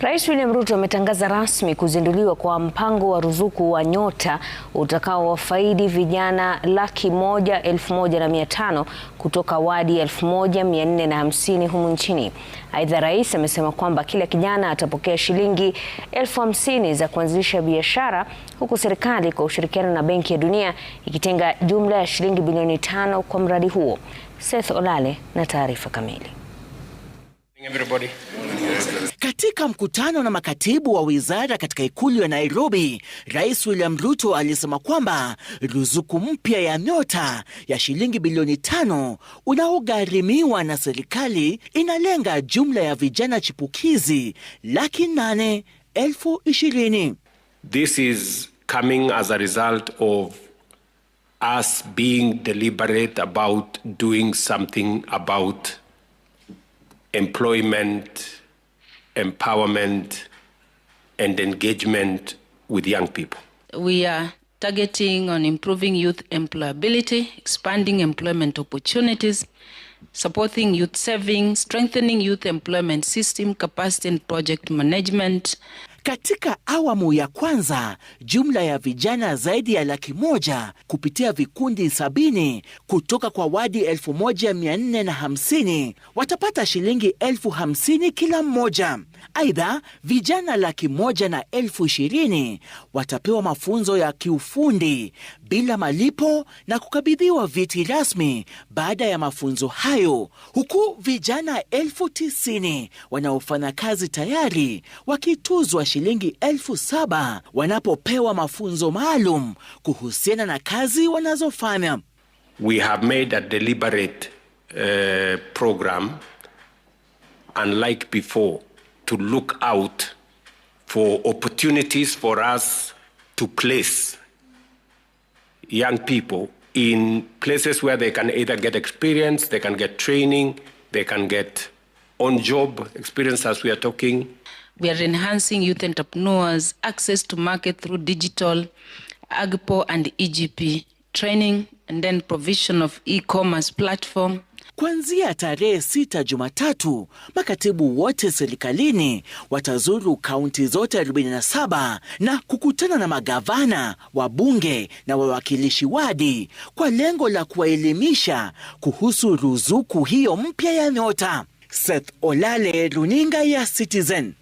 Rais William Ruto ametangaza rasmi kuzinduliwa kwa mpango wa ruzuku wa Nyota utakaowafaidi vijana laki moja elfu moja na mia tano kutoka wadi elfu moja mia nne na hamsini humu nchini. Aidha, rais amesema kwamba kila kijana atapokea shilingi elfu hamsini za kuanzisha biashara, huku serikali kwa ushirikiano na Benki ya Dunia ikitenga jumla ya shilingi bilioni tano kwa mradi huo. Seth Olale na taarifa kamili. Katika mkutano na makatibu wa wizara katika ikulu ya Nairobi, Rais William Ruto alisema kwamba ruzuku mpya ya NYOTA ya shilingi bilioni tano unaogharimiwa na serikali inalenga jumla ya vijana chipukizi laki nane elfu ishirini. This is coming as a result of us being deliberate about doing something about employment empowerment, and engagement with young people. We are targeting on improving youth employability, expanding employment opportunities, supporting youth saving, strengthening youth employment system, capacity and project management. Katika awamu ya kwanza, jumla ya vijana zaidi ya laki moja kupitia vikundi sabini kutoka kwa wadi elfu moja mia nne na hamsini watapata shilingi elfu hamsini kila mmoja. Aidha, vijana laki moja na elfu ishirini watapewa mafunzo ya kiufundi bila malipo na kukabidhiwa viti rasmi baada ya mafunzo hayo, huku vijana elfu tisini wanaofanya kazi tayari wakituzwa shilingi elfu saba wanapopewa mafunzo maalum kuhusiana na kazi wanazofanya. We have made a deliberate uh, program unlike before to look out for opportunities for us to place young people in places where they can either get experience, they can get training, they can get on job experience as we are talking. We are enhancing youth entrepreneurs' access to market through digital, AGPO and EGP training and then provision of e-commerce platform. Kuanzia tarehe sita Jumatatu, makatibu wote serikalini watazuru kaunti zote 47 na kukutana na magavana, wabunge na wawakilishi wadi kwa lengo la kuwaelimisha kuhusu ruzuku hiyo mpya ya NYOTA. Seth Olale, runinga ya Citizen.